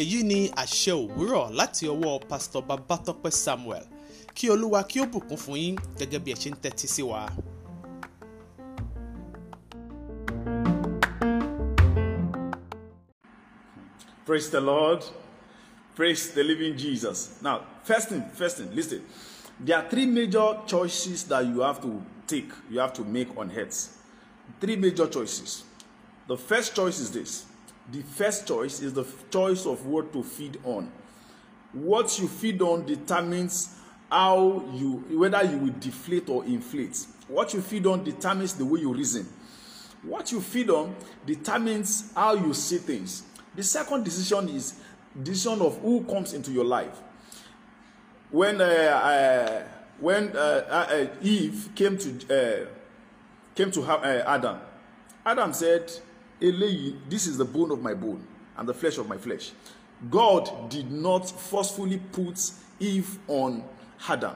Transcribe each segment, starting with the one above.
èyí ni àṣẹ òwúrọ̀ láti ọwọ́ pásítọ̀ Babatope Samuel kí Olúwa kí ó bùkún fún yín gẹ́gẹ́ bí ẹ ṣe ń tẹ́tí sí wa. Praise the Lord. Praise the living Jesus. Now, first thing, first thing, listen. There are three major choices that you have to take, you have to make on heads. Three major choices. The first choice is this. The first choice is the choice of what to feed on. What you feed on determines how you whether you will deflate or inflate. What you feed on determines the way you reason. What you feed on determines how you see things. The second decision is decision of who comes into your life. When uh, I, uh, when uh, uh, uh, Eve came to uh, came to uh, Adam, Adam said, "Eléyìí, this is the bone of my bone and the flesh of my flesh." God did not forcefully put Eve on Adam.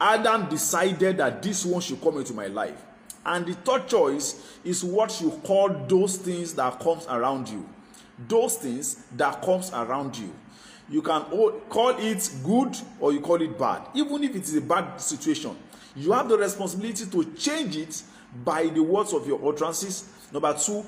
Adam decided that this one should come into my life. And the third choice is what you call those things that comes around you. Those things that comes around you you can call it good or you call it bad even if it is a bad situation you have the responsibility to change it by the words of your utterances number two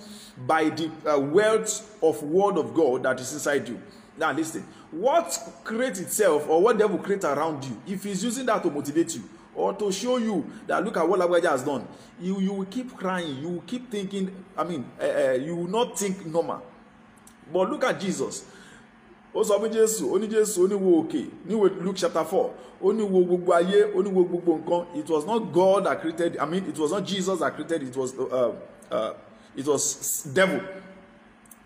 by the uh, wealth of word of god that is inside you now listen what creates itself or what devil create around you if he's using that to motivate you or to show you that look at what lagbaja has done you you will keep crying you will keep thinking i mean uh, uh, you will not think normal but look at jesus ó sọ fún jésù ó ní jésù ó ní wo òkè níwèé luke chapter four ó ní wo gbogbo ayé ó ní wo gbogbo nǹkan it was not god that created i mean it was not jesus that created it was uh, uh, it was devil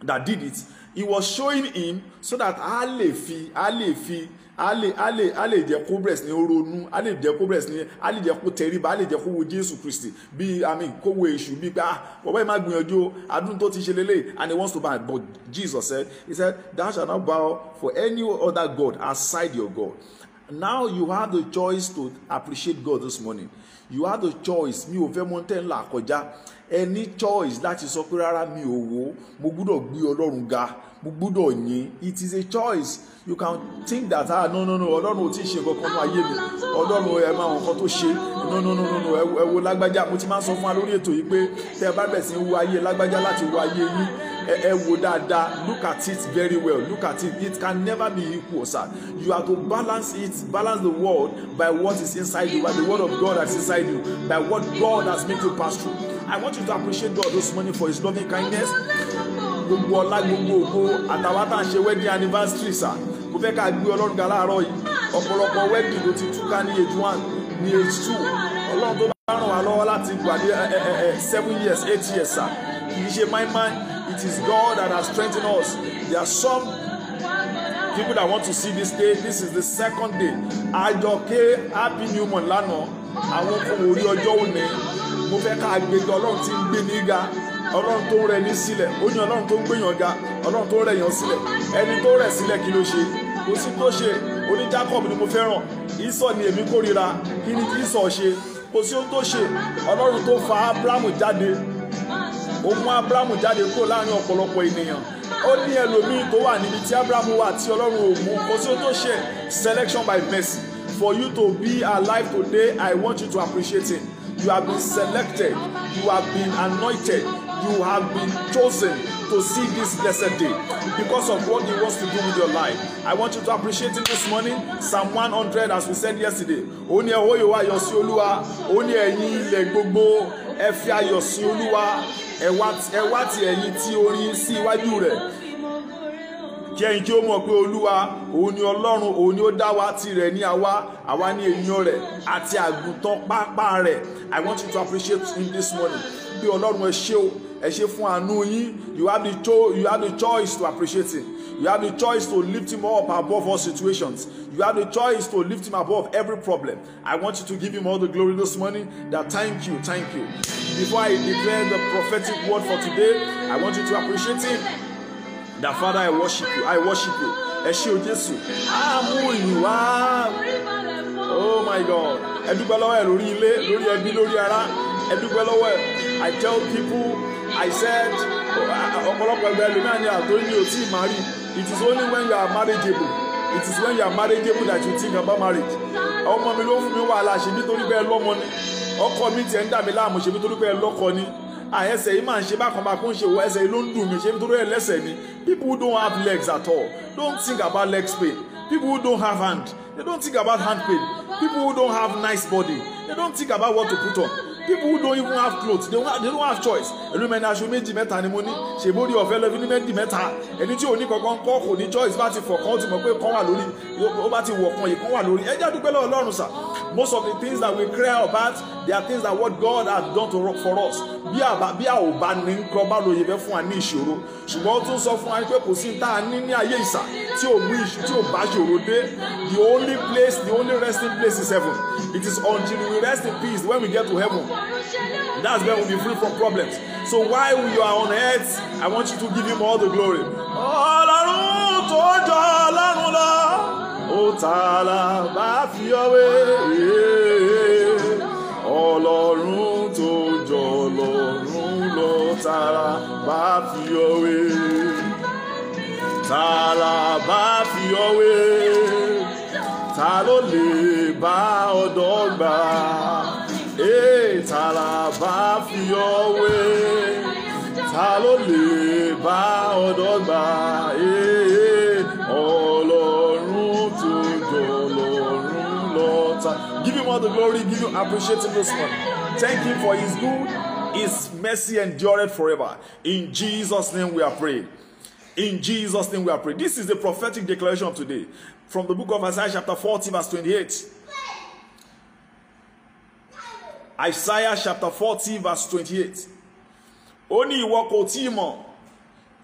that did it he was showing him so that a lè fi a lè fi Ale ale ale, lè a lè jẹ́ kó bẹ̀rẹ̀ sí ní ronú a lè jẹ́ kó bẹ̀rẹ̀ sí ní a lè jẹ́ kó tẹríba a lè kó wo Jésù Kristi bí àmì kó wo èṣù bí pé ah bàbá yìí máa gbìyànjú adún tó ti ṣe lélẹ̀ and he wants to buy but Jesus said he said thou shalt not bow for any other God aside your God now you have the choice to appreciate God this morning you have the choice mi ò fẹ́ mọ́ tẹ́ ńlá kọjá ẹ choice láti sọ pé rárá mi ò wò mo gbúdọ̀ gbé ọlọ́run ga mo gbúdọ̀ yìn it is a choice you can think that ah no no no ọlọ́run ò tí ì ṣe kankan ní ayé mi ọlọ́run ẹ máa wọn kan tó ṣe no no no no ẹ wo lágbájá mo ti máa ń sọ fún wa lórí ètò yìí pé tẹ bá bẹ̀ sí ń wo ayé lágbájá láti wo ayé yín ẹ wò dáadáa look at it very well look at it it can never be equal sir you have to balance it balance the world by what is inside you by the word of God that is inside you by what God has made you pass through I want you to appreciate God this morning for his loving kindness gbogbo ọlá gbogbo ògo àtàwọn tá à ń ṣe wedding anniversary sir mo fẹ́ ká gbé ọlọ́run ga láàárọ̀ yìí ọ̀pọ̀lọpọ̀ wedding ló ti túká ní age one ní age two ọlọ́run tó bá ràn wá lọ́wọ́ láti gbà ní seven years eight years sir kì í ṣe máìmáì it is God that has strengthened us there are some people that want to see this day this is the second day àjọké happy new month lánàá àwọn kò wò rí ọjọ́ òní mo fẹ́ ká gbẹgbẹ ọlọ́run tí ń gbé ní ga ọlọ́run tó rẹ ní sílẹ̀ ó ní ọlọ́run tó ń gbéyàn ga ọlọ́run tó rẹ yàn sílẹ̀ ẹni tó rẹ̀ sílẹ̀ kí ló ṣe kò sí tó ṣe oní Jacob ni mo fẹ́ràn Ísọ̀ ni èmi kórìíra kí ni Ísọ̀ ṣe kò sí ohun tó ṣe ọlọ́run tó fa Abrahamu jáde ó mú abrahamu jáde kúrò láàrin ọ̀pọ̀lọpọ̀ ènìyàn ó ní ẹlòmíín tó wà níbi tí abrahamu wà tí ọlọ́run ò mú kó sí ó tó ṣe selection by mercy for you to be alive today i want you to appreciate it you have been selected you have been anointed you have been chosen to see this blessed day because of what he wants to do with your life. I want you to appreciate him this morning. Psalm 100 as we said yesterday. Ó ní ẹ̀hó yòówá yọ̀ sí Olúwa, ó ní ẹ̀yin ilẹ̀ gbogbo, ẹ fi ayọ̀ sí Olúwa, ẹ wá ti ẹ̀yìn tí orí sí iwájú rẹ̀ kí ẹ̀yin tí ó mọ̀ pé olúwa òun ni ọlọ́run òun ni ó dá wa tirẹ̀ ní àwa àwa ní ènìyàn rẹ̀ àti àgùntàn pápá rẹ̀ i want you to appreciate him this morning bí ọlọ́run ẹ ṣé o ẹ ṣe fún àánú yín you have the cho you have the choice to appreciate him you have the choice to lift him up above all situations you have the choice to lift him above every problem I want you to give him all the glory this morning that thank you thank you before I declare the prophetic word for today I want you to appreciate him that Father I worship you I worship you ẹ ṣé o Jésù àmú ìyìn oh my God ẹ dúpẹ́ lọ́wọ́ ẹ lórí ilé lórí ẹbí lórí ara ẹ dúpẹ́ lọ́wọ́ ẹ I tell people. I said ọ̀pọ̀lọpọ̀ ẹgbẹ́ ẹlòmíràn ni àtọ́ ní òtí marry it is only when you are marriageable it is when you are marriageable that you think about marriage ọmọ mi ló fún mi wàhálà ṣèbí torí pé ẹ lọ́mọ ni ọkọ mi tiẹ̀ ń dà mí láàmú ṣèbí torí pé ẹ lọ́kọ ni àyẹsẹ̀ yìí máa ń ṣe bákan bákan ṣe wọ ẹsẹ̀ yìí ló ń dùn mí ṣe nítorí ẹ lẹ́sẹ̀ ni people who don't have legs at all don't think about leg pain people who don't have hand they don't think about hand pain people who don't have nice body they don't think about what to put on people who don't even have clothes they don't have, they don't have choice ẹlú mẹ́ni aṣọ méjì mẹ́ta ni mo ní ṣèbórí ọ̀fẹ́ lọ́fi ní méjì mẹ́ta ẹni tí ò ní kankan kọ́ kò ní choice bá ti fọ̀ kan ó ti mọ̀ pé kan wà lórí ó bá ti wọ̀ kan yìí kan wà lórí ẹjẹ́ àdúgbò lọ́wọ́ Ọlọ́run sà most of the things that we cry about they are things that what God has done to work for us bí àbá bí a ò bá ní nǹkan bá lóye fẹ́ fún wa ní ìṣòro ṣùgbọ́n ó tún sọ fún wa pé kò sí tá a ní ní ayé ìsà tí ò mú tí ò bá ṣòro dé the only place the only resting place is heaven it is until we rest in peace when we get to heaven That's when we'll be free from problems. So while you are on earth, I want you to give him all the glory. Ọlọ́run tó jọ ọlọ́run lọ, ó tààlà bá fi ọwé. Ọlọ́run tó jọ ọlọ́run lọ, tààlà bá fi ọwé. Tààlà bá fi ọwé. Ta ló lè bá ọ̀dọ́ gbà? Alaba bá fi ọ́ wé ta ló lè bá ọ̀dọ́ gbà ọlọ́run tó dọ̀lọ́run lọ́ta. Give him all the glory, give him appreciating this one. Thank him for his good, his mercy endureth forever. In Jesus' name we are praying. In Jesus' name we are praying. This is the prophetic declaration of today from the book of Isaiah chapter forty, verse twenty-eight. Isaiah chapter forty verse twenty-eight ó ní ìwọ kò tí ì mọ̀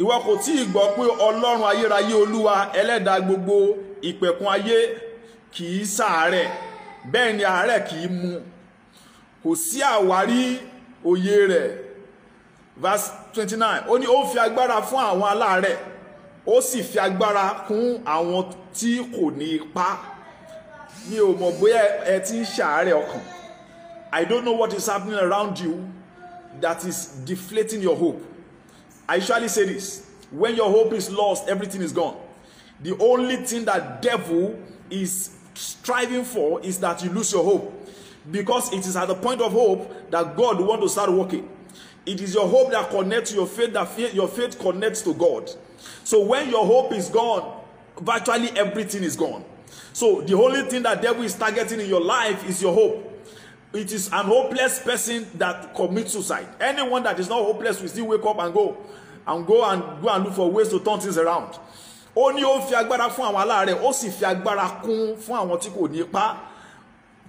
ìwọ kò tí ì gbọ́ pé ọlọ́run ayérayé olúwa ẹlẹ́dàá gbogbo ìpẹ̀kun ayé kì í ṣàárẹ̀ bẹ́ẹ̀ ni àárẹ̀ kì í mú kò sí àwárí òye rẹ̀ verse twenty-nine ó ní ó fi agbára fún àwọn aláàárẹ̀ ó sì fi agbára kún àwọn tí kò ní ipá mi ò mọ̀ bóyá ẹ ti ń ṣàárẹ̀ ọkàn I don't know what is happening around you that is deflating your hope. I usually say this, when your hope is lost, everything is gone. The only thing that devil is striving for is that you lose your hope. Because it is at the point of hope that God want to start working. It is your hope that connects to your faith, that faith, your faith connects to God. So when your hope is gone, virtually everything is gone. So the only thing that devil is targeting in your life is your hope it is an hopeless person that commits suicide anyone that is not hopeless will still wake up and go and go and go and look for ways to turn things around ó ní ó fi agbára fún àwọn aláàárẹ̀ ó sì fi agbára kún fún àwọn tí kò ní ipá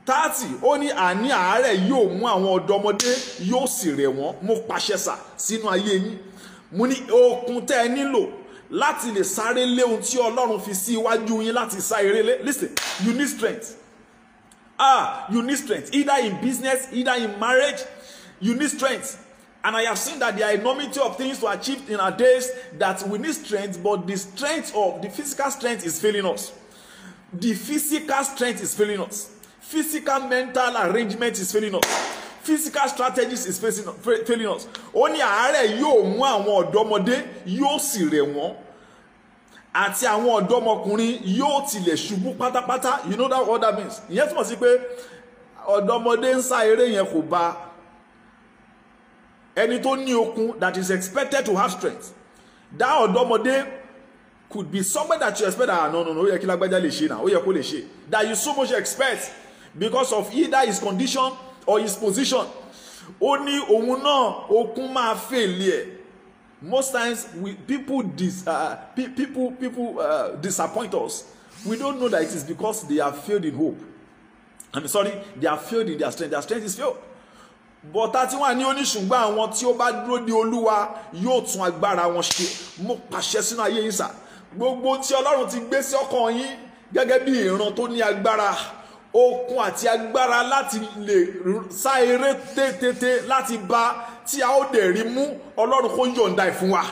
thirty ó ní àní àárẹ̀ yóò mú àwọn ọ̀dọ́mọdé yóò sì rẹ̀ wọ́n mo pàṣẹ sínú ayé yín mo ní okun tẹ́ ẹ nílò láti lè sáré lé tí Ọlọ́run fi sí iwájú yín láti sá eré lé listen you need strength Ah, you need strength, either in business, either in marriage, you need strength. And I have seen that there are enormity of things to achieve in our days that we need strength, but the strength of the physical strength is failing us. The physical strength is failing us. Physical mental arrangement is failing us. Physical strategies is failing us. Ó ní yóò mú àwọn ọ̀dọ́mọdé yóò sì rẹ̀ wọ́n àti àwọn ọ̀dọ́mọkùnrin yóò tilẹ̀ ṣubú pátápátá you know that what that means ìyẹn túmọ̀ sí pé ọ̀dọ́mọdé ń sá eré yẹn kò bá ẹni tó ní okun that is expected to have strength that ọ̀dọ́mọdé could be somebody that you expect ah no no no ó yẹ kí lágbájá lè ṣe náà ó yẹ kó lè ṣe that you so much expect because of either his condition or his position ó ní òun náà okun máa fèlè ẹ̀ most times we people dis uh, people people uh, disappoint us we don't know that it is because they have failed in hope i mean sorry they have failed in their strength their strength is failed but thirty one ní oníṣùgbọ́n àwọn tí ó bá dúró de olúwa yóò tún agbára wọn ṣe mo pàṣẹ sínú ayé yín sà gbogbo tí ọlọ́run ti gbé sí ọkàn yín gẹ́gẹ́ bí ìran tó ní agbára okun àti agbára láti lè sá eré tètè láti bá tí a ó dẹ̀ rí mú ọlọ́run kó yọ̀ǹda ẹ̀ fún wa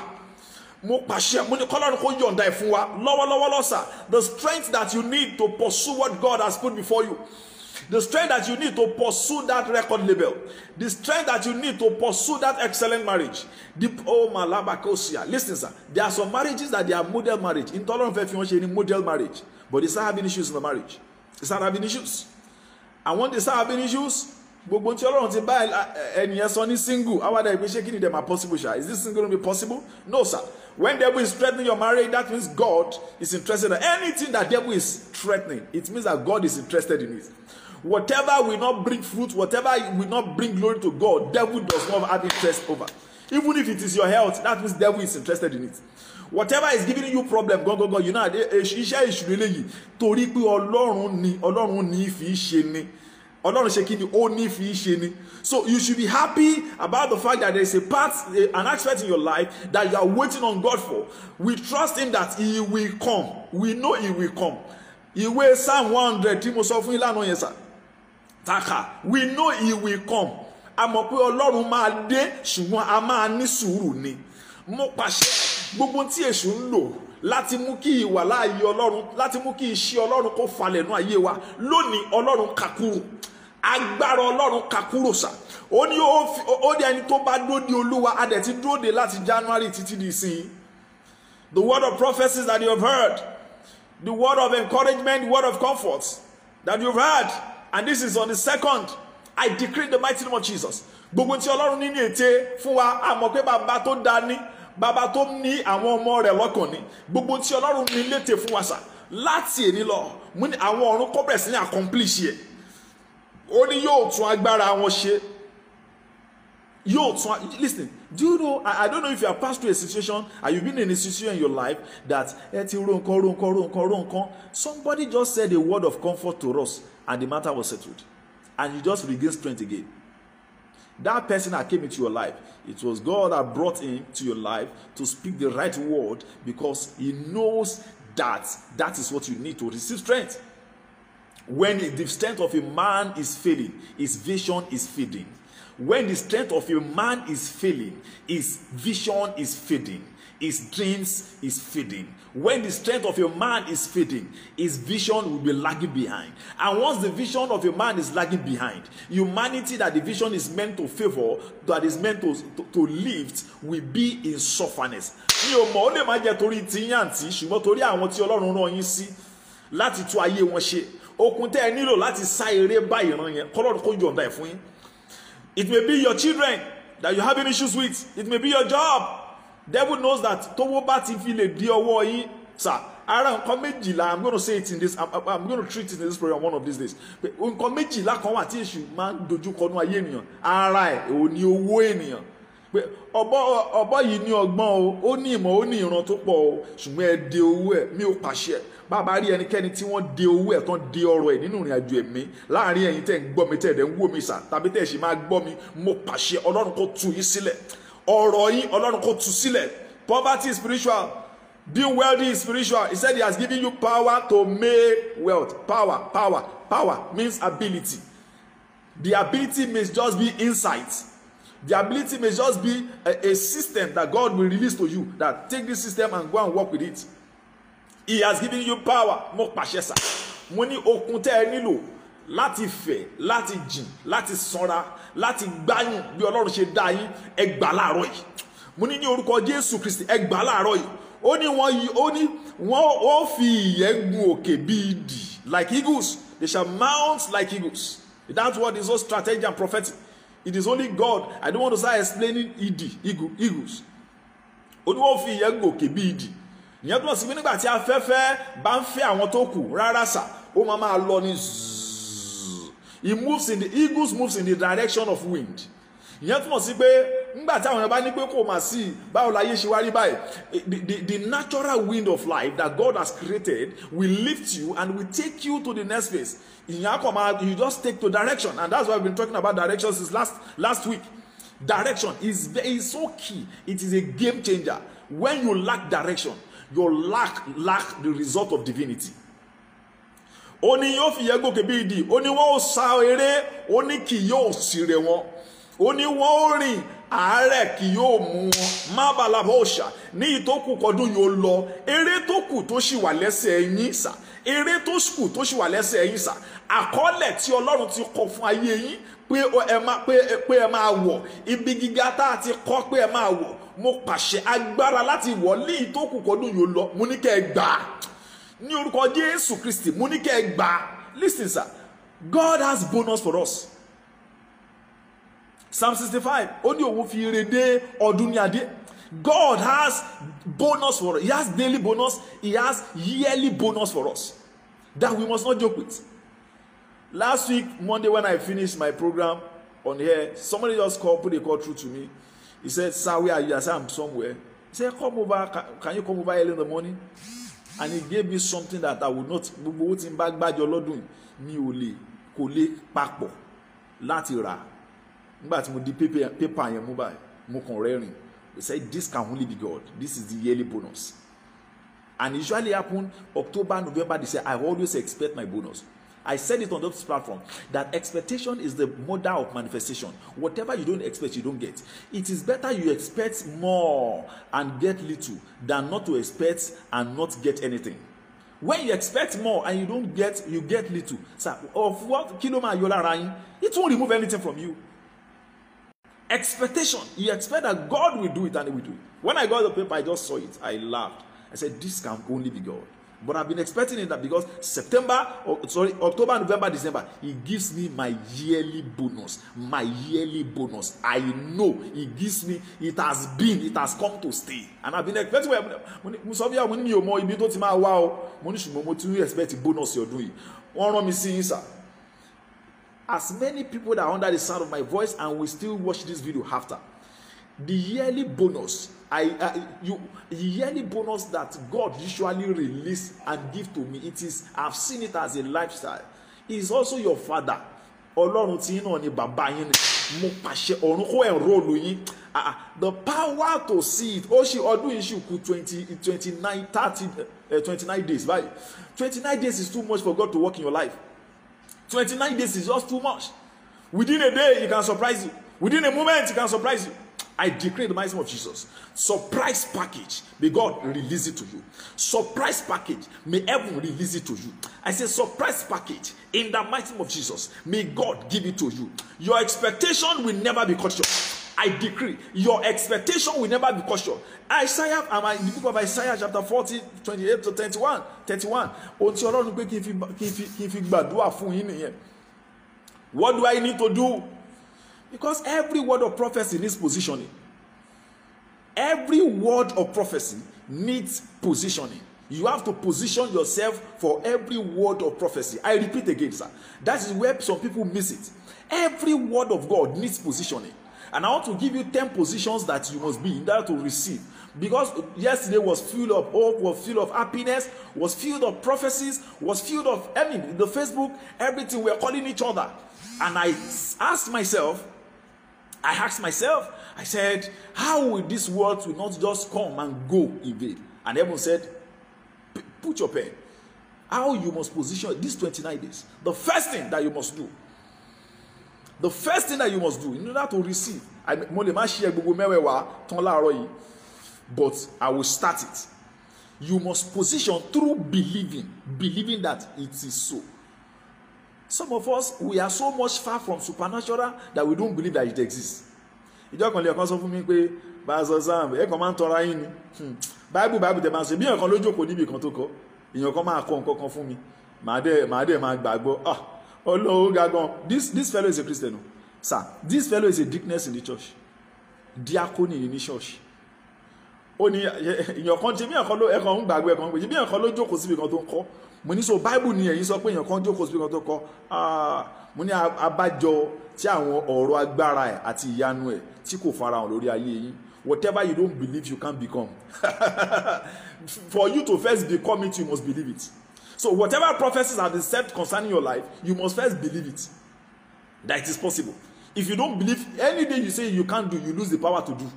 mo pàṣẹ mo ní kọ́lọ́run kó yọ̀ǹda ẹ̀ fún wa lọ́wọ́lọ́wọ́ lọ́sà the strength that you need to pursue what God has put before you the strength that you need to pursue that record label the strength that you need to pursue that excellent marriage deep oh malabakosia listen sir there are some marriages that they are model marriage intolerant fẹ́ fi wọ́n ṣe ni model marriage but they start having issues in the marriage. Sarah Vinicius àwọn ti Sarah Vinicius gbogbo tí ọlọ́run ti bá ẹnìyẹn sọ ní single awada ìgbésẹ̀ ṣé kí ni dem are possible sha is this single gonna be possible no sir when devil is threatening your marriage that means God is interested in anything that devil is threatening it means that God is interested in it whatever will not bring fruit whatever will not bring glory to God devil does not have interest over even if it is your health that means devil is interested in it whatever is giving you problem gangan you know eh, eh, iṣẹ́ ìṣúná eléyìí torí pé ọlọ́run ni ọlọ́run ni, fi ṣe ni ọlọ́run ṣe kí ni ó ní fi ṣe ni so you should be happy about the fact that there is a part a, eh, an aspect in your life that you are waiting on God for we trust him that he will come we know he will come ìwé psalm one hundred tí mo sọ fún yín yẹn sà taka we know he will come a mọ̀ pé ọlọ́run máa dé ṣùgbọ́n a máa ní sùúrù ni mo pàṣẹ gbogbo tí èṣù ń lò láti mú kí ìwà láàyè ọlọ́run láti mú kí iṣẹ́ ọlọ́run kó falẹ̀ nú ayé wa lónìí ọlọ́run kakuru agbára ọlọ́run kakuru sa. ó ní ó ní ẹni tó bá dóde olúwa a ti dóde láti january títí di ìsìn the word of prophecies that you have heard the word of encouragement the word of comfort that you have heard and this is on the second i decree the mighty name of jesus gbogbo tí ọlọ́run ní ní ète fún wa àmọ́ pé bàbá tó dání bàbá tó ní àwọn ọmọ rẹ̀ lọ́kàn ni gbogbo tí ọlọ́run ní létè fún wa sà láti èní lọ mú ní àwọn ọ̀run kó bẹ̀rẹ̀ sí ní accomplish yẹ ó ní yóò tún agbára wọn ṣe yóò tún listen do you know I, I don't know if you have passed through a situation and you been in a situation in your life that ẹ ti ro nǹkan ro nǹkan ro nǹkan ro nǹkan somebody just said a word of comfort to us and the matter was settled and you just regain strength again That person that came into your life, it was God that brought him to your life to speak the right word because he knows that that is what you need to receive strength. When the strength of a man is failing, his vision is fading. When the strength of a man is failing, his vision is fading his dreams is feeding. When the strength of your man is feeding, his vision will be lagging behind. And once the vision of your man is lagging behind, humanity that the vision is meant to favour, that is meant to, to, to lift, will be in sufferness. Mi ò mọ̀ ó lè má jẹ́ torí tiyín àǹtí ṣùgbọ́n torí àwọn tí Ọlọ́run rán yín sí láti tú ayé wọn ṣe. Okun tẹ́ ẹ nílò láti sá eré bá ìran yẹn kọ́lọ́run kó yọ̀ǹda ẹ̀ fún yín. It may be your children that you having issues with. It may be your job devil knows that tówó bá ti fi lè di ọwọ́ yín sà ara nǹkan méjìlá i'm gonna say it in this i'm, I'm gonna treat it in this program one of these days nǹkan méjìlá kan wà tí èṣù máa ń dojúkọ nú ayé ènìyàn ara ẹ̀ ò ní owó ènìyàn pé ọ̀bọ ọ̀bọ yìí ní ọgbọ́n o ó ní ìmọ̀ ó ní ìran tó pọ̀ o ṣùgbọ́n ẹ de owó ẹ̀ mi ò pàṣẹ bàbá rí ẹnikẹ́ni tí wọ́n de owó ẹ̀ tán de ọrọ̀ ẹ̀ nínú ìrìn àjò ẹ̀mí láàrin ẹ̀yin tẹ̀ ń gbọ́ mi tẹ̀ ẹ̀ ń wò mi sà tàbí tẹ̀ ṣì máa gbọ́ mi mo pàṣẹ ọlọ́run kó tú yín sílẹ̀ ọ̀rọ̀ yín ọlọ́run kò tú sílẹ̀ poverty is spiritual being wealthy is spiritual he said he has given you power to make wealth power power power means ability the ability may just be insight the ability may just be a, a system that God will release to you that take this system and go and work with it he has given you power mo pàṣẹ sà mo ní okun tẹ́ ẹ nílò láti fẹ̀ láti jìn láti sanra láti gbáyùn bí ọlọ́run ṣe dá yín ẹ gbà láàárọ̀ yìí mo ní ní orúkọ jésù kristi ẹ gbà láàárọ̀ yìí ó ní wọ́n yìí ó ní wọ́n ó fi ìyẹ́ òkè bíi idì like eagles they shall mount like eagles that word is so strategic and prophetic it is only god i don't want to start explaining idi. eagles ó ní wọ́n fi ìyẹ́ gun òkè bíi idì ìyẹn túmọ̀ sí pé nígbà tí afẹ́fẹ́ bá ń fẹ́ àwọn tó kù rárá sà ó máa máa lọ ní zzz he moves in the eagles moves in the direction of wind ìyẹn túmọ̀ sí pé ńgbà tí àwọn ní pé kò mà sí báwo la yé ṣe wá rí báyìí the the the natural wind of life that God has created will lift you and will take you to the next place. ìyẹn akọ̀ máa you just take to direction and that's why we been talking about direction since last last week direction is is so key it is a game changer when you lack direction your lack lack the result of divinity ó ní yóò fi yẹ gòkè bí idì ó ní wọn ò sa eré ó ní kì yóò sì rè wọn ó ní wọn ò rìn àárẹ̀ kì yóò mú wọn má balabọ́ òòṣà ní ìtókù kọdún yóò lọ eré tó kù tó sì wà lẹ́sẹ̀ yín sà eré tó kù tó sì wà lẹ́sẹ̀ yín sà àkọọ́lẹ̀ tí ọlọ́run ti kọ fún ayé yín pé ẹ máa pé ibi gíga tá a ti kọ́ pé ẹ máa wọ̀ mo pàṣẹ agbára láti wọ̀ ní ìtókù kọdún yóò lọ mo ní kẹ́ ẹ ní orúkọ jésù kristi mo ní kẹ́ ẹ gbà listen sir god has bonus for us psalm sixty five ó ní òun fi ire dé ọdún ní adé god has bonus for us he has daily bonus he has yearly bonus for us that we must not joke with last week monday when i finished my program on here somebody just call put a call through to me he said sir where are you i said i'm somewhere he said come over can, can you come over early in the morning and he gave me something that i would not gbogbo owó tí n bá gbájọ lọ́dún mi ò lè kò lè papọ̀ láti rà nígbà tí mo di pépà yẹn mú báyìí mo kàn rẹ́rìn he said this can only be God this is the yearly bonus and it usually happen october november They say i always expect my bonus I said it on this platform that expectation is the mother of manifestation. Whatever you don't expect, you don't get. It is better you expect more and get little than not to expect and not get anything. When you expect more and you don't get, you get little. Sir, of what kilo ma yola rain, it won't remove anything from you. Expectation. You expect that God will do it and He will do it. When I got the paper, I just saw it. I laughed. I said, This can only be God. But I've been expecting it that because September, or, oh, sorry, October, November, December, it gives me my yearly bonus. My yearly bonus. I know it gives me, it has been, it has come to stay. And I've been expecting, oh, mo sọ fún yà mo ní mi ò ibi tó ti máa wá o, mo ní ṣùgbọ́n mo expect bonus you're doing. Wọ́n rán mi sí sir. As many people that are under the sound of my voice and will still watch this video after, the yearly bonus I, I you yearly bonus that God usually release and give to me it is I've seen it as a lifestyle he is also your father ọlọ́run tí yín náà ni bàbá yín ni mo pàṣẹ ọ̀run kó ẹ̀rọ̀lù yín ah, ah, the power to see it ó ṣe ọdún yìí ṣì kù twenty twenty nine thirty eh, twenty nine days báyìí twenty nine days is too much for God to work in your life twenty nine days is just too much within a day he can surprise you within a moment he can surprise you I decree the mighty name of Jesus. Surprise package. May God release it to you. Surprise package. May heaven release it to you. I say surprise package in the mighty name of Jesus. May God give it to you. Your expectation will never be cut short. I decree your expectation will never be cut short. Isaiah am I in the book of Isaiah chapter forty twenty eight to thirty one thirty one. Ohun tí Ọlọ́run pé kí n fi gbàdúrà fún yín What do I need to do? Because every word of prophecy needs positioning. Every word of prophecy needs positioning. You have to position yourself for every word of prophecy. I repeat again, sir. That is where some people miss it. Every word of God needs positioning. And I want to give you ten positions that you must be in order to receive. Because yesterday was filled of hope, was filled of happiness, was filled of prophecies, was filled of, I mean, the Facebook, everything. We're calling each other. And I asked myself, I asked myself, I said, how will this world will not just come and go in vain? And everyone said, put your pen. How you must position these 29 days. The first thing that you must do, the first thing that you must do in order to receive, I mo lè má ṣe gbogbo mẹ́wẹ̀ẹ̀wá tán láàárọ̀ yìí, but I will start it. You must position through believing, believing that it is so some of us we are so much far from supernatural that we don't believe that it exists ìjọ kan lè ọkàn sọ fún mi pé bàzọ sam ẹ kàn máa ń tọra yín ni báìbù báìbù tẹ máa ń sọ bí ọ̀kan lójókòó níbi kan tó kọ èèyàn kan máa kọ nǹkan kan fún mi màá dẹ̀ màá dẹ̀ máa gbàgbọ́ ah ọlọ́run ga this this fellow is a christian o sir this fellow is a deaconess in the church diakoni ní church ó ní èèyàn kan ti bí ọ̀kan ló ẹ̀kan ń gbàgbọ́ ẹ̀kan ń pè bí ọ̀kan lójókòó síbi kan tó ń kọ́ mo ní so bible ni ẹ̀yin sọ pé èèyàn kan jókòó sí kan tó kọ ah, mo ní abájọ tí àwọn ọ̀rọ̀ agbára ẹ̀ àti ìyanu ẹ̀ tí kò farahàn lórí ayé yín whatever you don't believe you can become for you to first become it you must believe it so whatever prophecies have been said concerning your life you must first believe it that it is possible if you don't believe any day you say you can't do you lose the power to do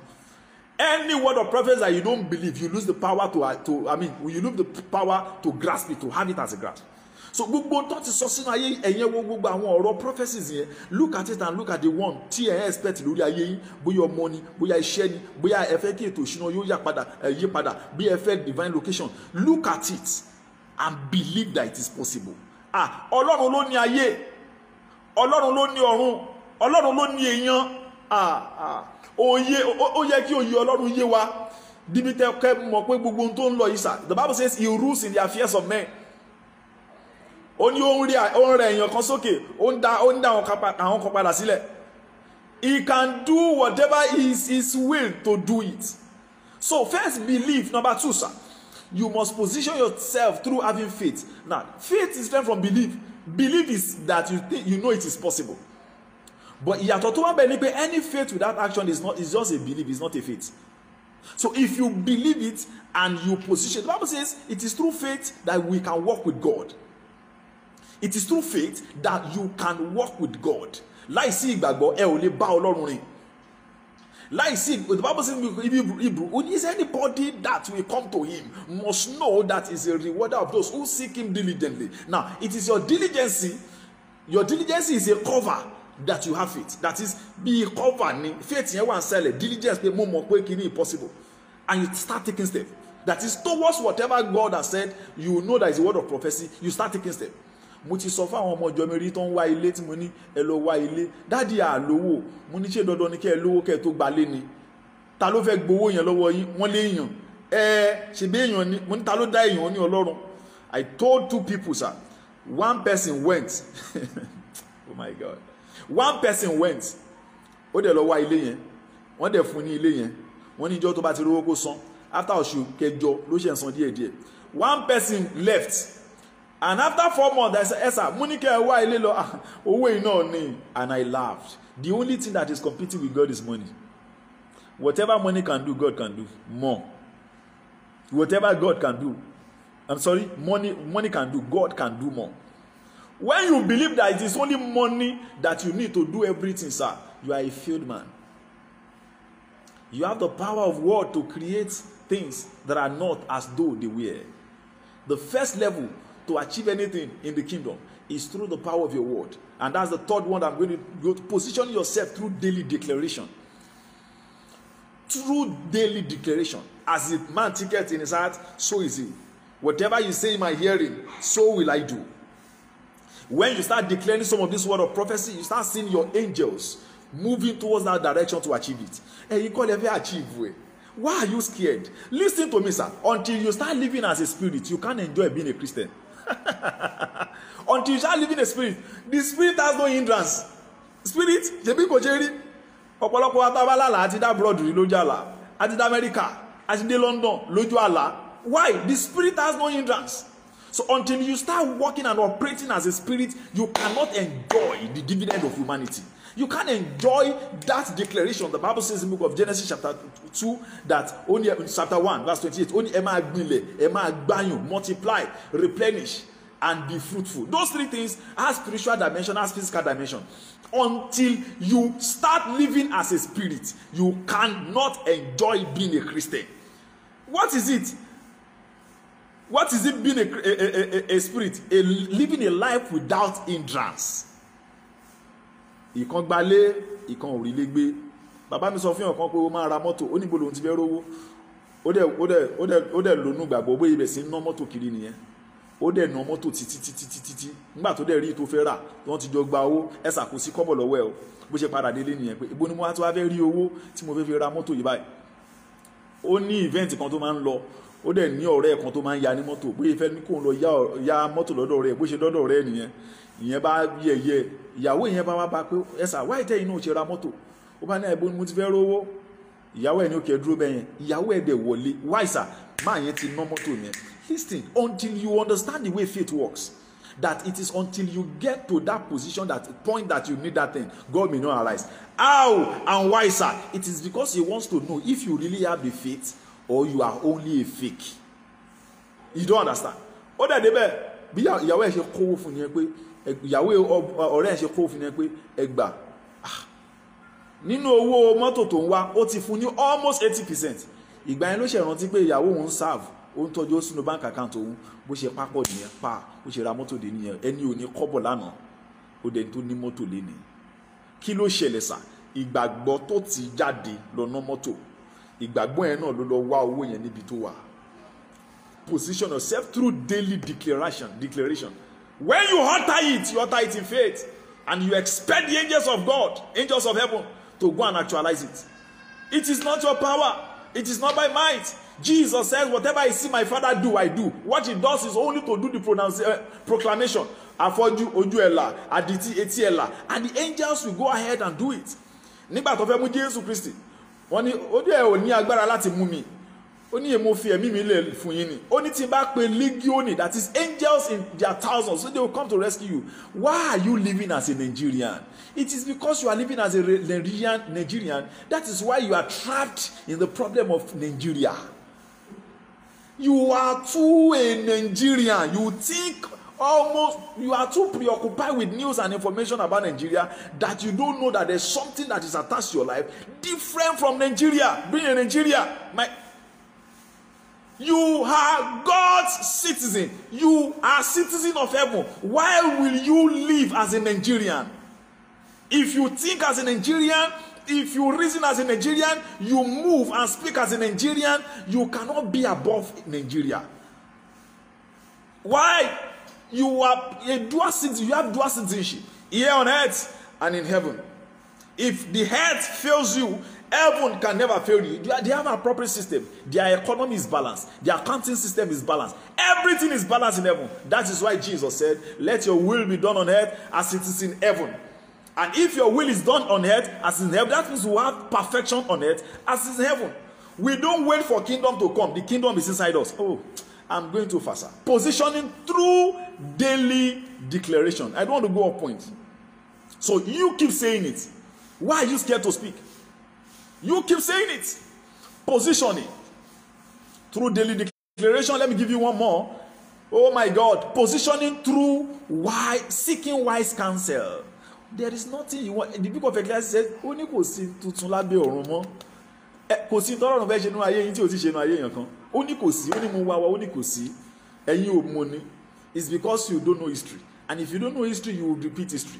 any word of prophecy that you don't believe you lose the power to uh, to i mean you lose the power to grasp it to have it as a grasp so gbogbo tó ti sọ sínú ayé ẹ̀yẹ́ wo gbogbo àwọn ọ̀rọ̀ prophecies yẹn look at it and look at the one tí ẹ̀ expect lórí ayé yín bóyá ọmọ ni bóyá iṣẹ́ ni bóyá ẹ fẹ́ kí ètò ìṣúná yóò yà padà ẹ̀ yí padà bí ẹ fẹ́ divine location look at it and believe that it is possible ah ọlọ́run ló ní ayé ọlọ́run ló ní ọ̀run ọlọ́run ló ní èèyàn ah ah òye ó yẹ kí òye ọlọ́run yé wa níbi tẹ́ kẹ́ mọ̀ pé gbogbo ohun tó ń lọ yìí sà the bible says he rules in the affairs of men ó ní ó ń rẹ èèyàn kan sókè ó ń da ó ń da àwọn kan padà sílẹ̀ he can do whatever is his will to do it so first belief number two sir you must position yourself through having faith now faith is different from belief belief is that you think you know it is possible but ìyàtọ̀ tó wà bẹ́ẹ̀ ni pé any faith without action is not is just a belief is not a faith so if you believe it and you position the bible says it is through faith that we can walk with god it is through faith that you can walk with god láìsí ìgbàgbọ́ ẹ ò lè bá ọlọ́run rìn láìsí the bible says in hebrew who is anybody that will come to him must know that he is a rewarder of those who seek him diligently now it is your diligence your diligence is a cover that you have it that is be cover ni faith yẹn wà ń ṣẹlẹ̀ diligence pé mo mọ̀ pé kí impossible and you start taking step. that is towards whatever God has said you know that is the word of prophecy you start taking step. mo ti sọ fún àwọn ọmọ ọjọ́ mi rí tó ń wá ilé tí mo ní ẹ lọ wá ilé dáàdi àlówó mo ní ṣe dandan ni kẹ́ ẹ lówó kẹ́ ẹ tó gbalé ni ta ló fẹ́ gbowó yẹn lọ́wọ́ yín wọ́n lé èèyàn ẹ ṣèbí èèyàn ni mo ní ta ló dá èèyàn ní ọlọ́run I told two people sir one person went oh my God one person went ó dẹ̀ lọ wá ilé yẹn wọ́n dẹ̀ fún ní ilé yẹn wọ́n ní ìjọ tó bá ti rówó kó san after oṣù kẹjọ ló ṣe ń san díẹ̀díẹ̀ one person left and after four months i said ẹsà múnikẹ́ wá ilé lọ ah, owó iná ni and i laughed the only thing that is competing with God is money whatever money can do God can do more whatever God can do i'm sorry money money can do God can do more when you believe that it is only money that you need to do everything sir you are a failed man you have the power of word to create things that are not as though they were the first level to achieve anything in the kingdom is through the power of your word and that's the third one i'm going to go position yourself through daily declaration through daily declaration as a man ticket in his heart so is he whatever you say in my hearing so will i do when you start declaring some of this word of prophecy you start seeing your angels moving towards that direction to achieve it ẹ̀yin kọ́ lẹ fẹ́ achieve it why are you scared listen to me sir until you start living as a spirit you can't enjoy being a christian until you start living a spirit the spirit has no hindrance spirit jebi kò ṣe rí ọ̀pọ̀lọpọ̀ atabalala ati da brọ́dùrí lójú àlá ati da America, ati dé london lójú àlá why the spirit has no hindrance So until you start working and operating as a spirit, you cannot enjoy the dividend of humanity. You can't enjoy that declaration. The Bible says in the book of Genesis chapter 2 that only chapter 1 verse 28 only ẹ máa multiply, replenish and be fruitful. Those three things have spiritual dimension, as physical dimension. Until you start living as a spirit, you cannot enjoy being a Christian. What is it? What is it being a, a, a, a spirit? A, living a life without hindrance. Ìkan gbalé, ìkan ò rí lé gbé. Bàbá mi sọ fún ọ̀kan pé ó máa ra mọ́tò, ó níbo lòun ti fẹ́ rówó. Ó dẹ̀ ó dẹ̀ ó dẹ̀ ó dẹ̀ lónú gbàgbọ́ bóyá ibẹ̀ sí ná mọ́tò kiri nìyẹn. Ó dẹ̀ ná mọ́tò títí títí títí títí. Nígbà tó dẹ̀ rí tó fẹ́ rà, wọ́n ti jọ gba owó, ẹ̀ ṣàkóso kọ́bọ̀ lọ́wọ́ ẹ̀ o. Bó ṣe padà délé nìyẹn pé ibo ni mo wá tó wá fẹ́ rí owó tí mo fẹ́ fi ra mọ́tò yìí báyìí. Ó ní ìvẹ́ǹtì kan tó máa ń lọ ó dẹ̀ ní ọ̀rẹ́ kan tó máa ń ya ní mọ́tò bóyá ìfẹ́ ní kò ń lọ ya mọ́tò lọ́dọ̀ rẹ̀ bó ṣe lọ́dọ̀ rẹ̀ nìyẹn ìyẹn bá yẹ̀yẹ́ ìyàwó ìyẹn bá wá bá pé ẹ̀sà wáyé tẹ́yìn náà ṣe ra mọ́tò ó bá náà ẹ̀bùn mo ti fẹ́ rówó ìyàwó ẹ̀ ní òkè dúró bẹ́yẹn ìyàwó ẹ̀ dẹ̀ wọlé wáìsà máa yẹn ti ná mọ́tò yẹn listen until you understand the way faith works that it is until you get to that position that point that you need that thing God may not arise how and why sir it is because he wants to know if you really have the faith or you are only a fake you don't understand ó dẹ̀ débẹ̀ bí ìyàwó ẹ̀ ṣe kówó fún yẹn pé ìyàwó ọ̀rẹ́ ẹ̀ ṣe kówó fún yẹn pé ẹgbà ah, nínú owó mọ́tò tó ń wá ó ti fún ní almost eighty percent ìgbà yẹn ló ṣe rántí pé ìyàwó òun serve ó ń tọ́jú ó sínú bank account òun bó ṣe pápọ̀ nìyẹn pa bó ṣe ra mọ́tò dé nìyẹn ẹni ò ní kọ́bọ̀ lánàá ó dẹni tó ní mọ́tò lénìí kí ló ṣẹlẹ̀ sà ìgbàgbọ́ tó ti jáde lọ́nà mọ́tò ìgbàgbọ́ yẹn náà ló lọ wá owó yẹn níbi tó wà position yourself through daily declaration declaration when you utter it you utter it in faith and you expect the angels of God angels of heaven to go and actualize it it is not your power it is not by might Jesus says whatever I see my father do I do what he does is only to do the pronounce, uh, proclamation afọ́jú ojú ẹ̀ là àdìtí etí and the angels will go ahead and do it nígbà tó fẹ́ mú Jésù Kristi wọ́n ní ó dẹ̀ ò ní agbára láti mú mi ó ní èmo fi ẹ̀mí mi lẹ̀ fún yín ni ó ní tí n bá pe legioni that is angels in their thousands so they will come to rescue you why are you living as a Nigerian it is because you are living as a Nigerian Nigerian that is why you are trapped in the problem of Nigeria you are too a Nigerian you think almost you are too preoccupied with news and information about nigeria that you don't know that there's something that is attached to your life different from nigeria being a nigeria my you are god's citizen you are citizen of heaven why will you live as a nigerian if you think as a nigerian if you reason as a nigerian you move and speak as a nigerian you cannot be above nigeria why You are a dual citizen. You have dual citizenship here on earth and in heaven. If the earth fails you, heaven can never fail you. They have a proper system. Their economy is balanced. Their accounting system is balanced. Everything is balanced in heaven. That is why Jesus said, Let your will be done on earth as it is in heaven. And if your will is done on earth as in heaven, that means we have perfection on earth as in heaven. We don't wait for kingdom to come. The kingdom is inside us. Oh, I'm going to Fasa. Positioning through daily declaration. I don't want to go off point. So you keep saying it. Why are you scared to speak? You keep saying it. Positioning through daily declaration. Let me give you one more. Oh my God. Positioning through why seeking wise counsel. There is nothing you want. The book of Ecclesiastes says, ó ní kò sí tuntun lábẹ́ ọ̀run mọ́. Kò sí tọ́lọ́run fẹ́ ṣe inú ayé yín tí ò ó ní kò sí ó ní mo wá wa ó ní kò sí ẹ̀yin ò mọ̀ ni it's because you don't know history and if you don't know history you will repeat history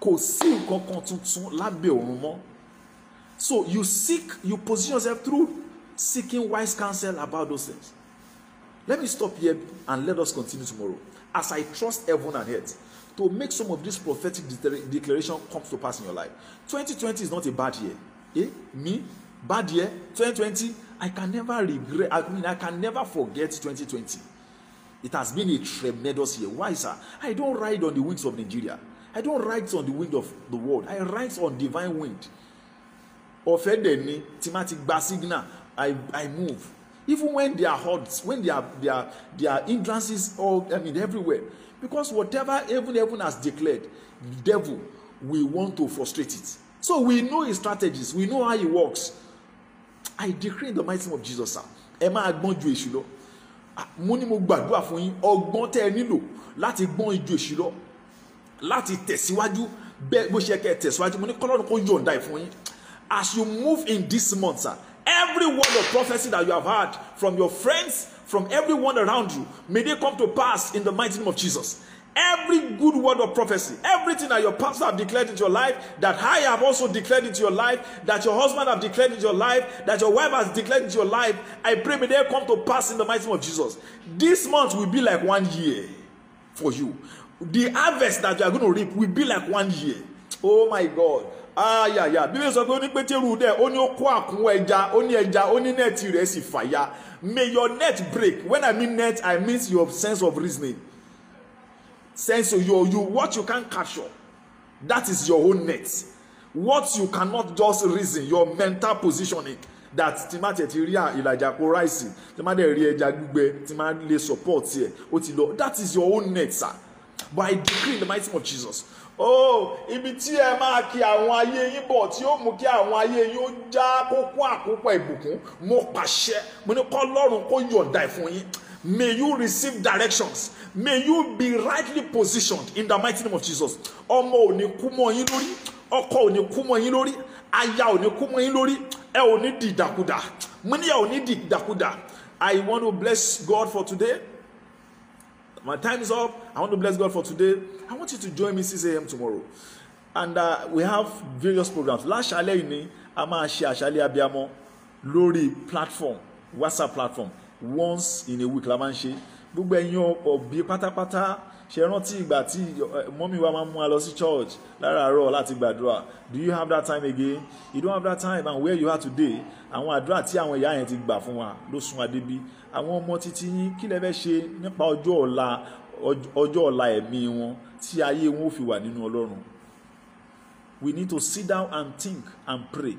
kò sí nǹkan kan tuntun lábẹ́ ọ̀run mọ́ so you seek you position yourself through seeking wise counsel about those things let me stop here and let us continue tomorrow as I trust heaven and earth to make some of this prophetic declaration come to pass in your life 2020 is not a bad year eh me bad year 2020 i can never regret i mean i can never forget 2020 it has been a tremendous year why sir i don ride on the wings of nigeria i don ride on the wind of the world i ride on divine wind ọ̀fẹ́ dẹ̀ ni tí ma i i move even when they are hot when they are they are they are hindrances all i mean everywhere because whatever even heaven has declared devil we want to frustrate it so we know his strategies we know how he works I decree in the mighty name of Jesus sir ẹ máa gbọ́n ju èṣù lọ ah, mo ní mo gbàdúrà fún yín ọgbọ́n tẹ́ ẹ nílò láti gbọ́n ju èṣù lọ láti tẹ̀síwájú bẹ́ẹ̀ bó ṣe kẹ́ ẹ tẹ̀síwájú mo ní kọ́lọ́run kó yọ̀ǹda ìfún yín as you move in this month sir every word of prophecy that you have heard from your friends from everyone around you may they come to pass in the mighty name of Jesus Every good word of prophecy, everything that your pastor have declared into your life, that I have also declared into your life, that your husband have declared into your life, that your wife has declared into your life, I pray may they come to pass in the mighty name of Jesus. This month will be like one year for you. The harvest that you are going to reap will be like one year. Oh my God. ayaya ah, bíbí sọ pé ó ní ó ní ó kó ẹja ó ní ẹja ó ní nẹẹtì rẹ sì fàya may your net break when i mean net i mean your sense of reasoning sense you you what you can capture that is your own net what you cannot just reason your mental positioning that tí má tẹ̀ ti rí ìlàjà kó ráìsì tí má dẹ̀ rí ẹja gbígbẹ tí má lè support ẹ̀ ó ti lọ that is your own net sir but I decree in the mighty of Jesus oh ibi tí ẹ máa kí àwọn ayé yín bọ̀ tí ó mú kí àwọn ayé yín ó já kókó àkópọ̀ ìbùkún mo pàṣẹ mo ní kọ́ lọ́rùn kó yọ̀ǹda ẹ̀ yín may you receive directions may you be rightly positioned in the mighty name of Jesus ọmọ ò ní kú mọ́ yín lórí ọkọ ò ní kú mọ́ yín lórí aya ò ní kú mọ́ yín lórí ẹ ò ní di ìdàkudà mo ní ẹ ò ní di ìdàkudà I want to bless God for today my time is up I want to bless God for today I want you to join me 6 a.m. tomorrow and uh, we have various programs láṣálẹ́ yìí ni a máa ṣe àṣálẹ́ abiyamọ lórí platform WhatsApp platform once in a week la máa ń ṣe gbogbo ẹ̀yin òbí pátápátá ṣe rántí ìgbà tí eh, mọ́mí wa máa ń mú wa lọ sí church láràárọ̀ láti gbàdúrà do you have that time again you don't have that time and where you are today àwọn àdúrà tí àwọn ìyá yẹn ti gbà fún wa ló sún wa débi àwọn ọmọ títí yín kí lẹ fẹ́ ṣe nípa ọjọ́ ọ̀la ọjọ́ ọ̀la ẹ̀mí wọn tí ayé wọn ò fi wà nínú ọlọ́run we need to sit down and think and pray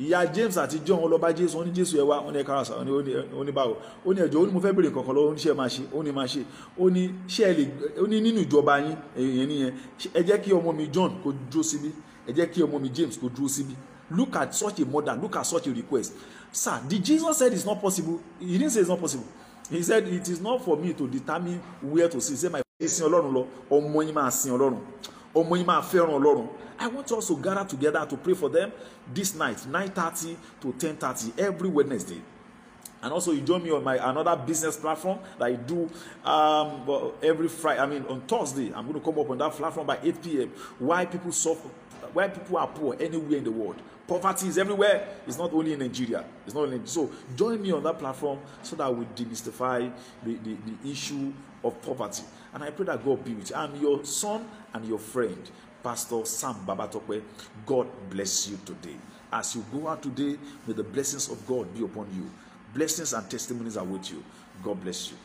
ìyá James àti John lọ bá Jésù wọn ní Jésù ẹ wá wọn ní ẹ kára sá wọn ní báwo ó ní ẹjọ́ ó ní mo fẹ́ béèrè kankan lọ́wọ́ oníṣẹ́ máa ṣe ó ní máa ṣe ó ní ṣé ẹ lè ó ní nínú ìjọba yín èèyàn nìyẹn ẹ jẹ́ kí ọmọ mi John kó dúró síbí ẹ jẹ́ kí ọmọ mi James kó dúró síbí look at such a mother look at such a request sir the Jesus said it's not possible he didn't say it's not possible he said it is not for me to determine where to sin Say my my sin Ọlọ́run lọ ọmọ yín máa sin Ọlọ́run ọmọ yín máa fẹ́ràn ọlọ́run i want to also gather together to pray for them this night nine thirty to ten thirty every wednesday and also you join me on my another business platform that I do um, every Friday. I mean, on Thursday, I'm going to come up on that platform by eight p.m. Why people suffer, why people are poor anywhere in the world. Poverty is everywhere. It's not only in Nigeria. It's not only so. Join me on that platform so that we demystify the, the, the issue of poverty. And I pray that God be with you. I'm your son and your friend, Pastor Sam Babatope. God bless you today. As you go out today, may the blessings of God be upon you. Blessings and testimonies are with you. God bless you.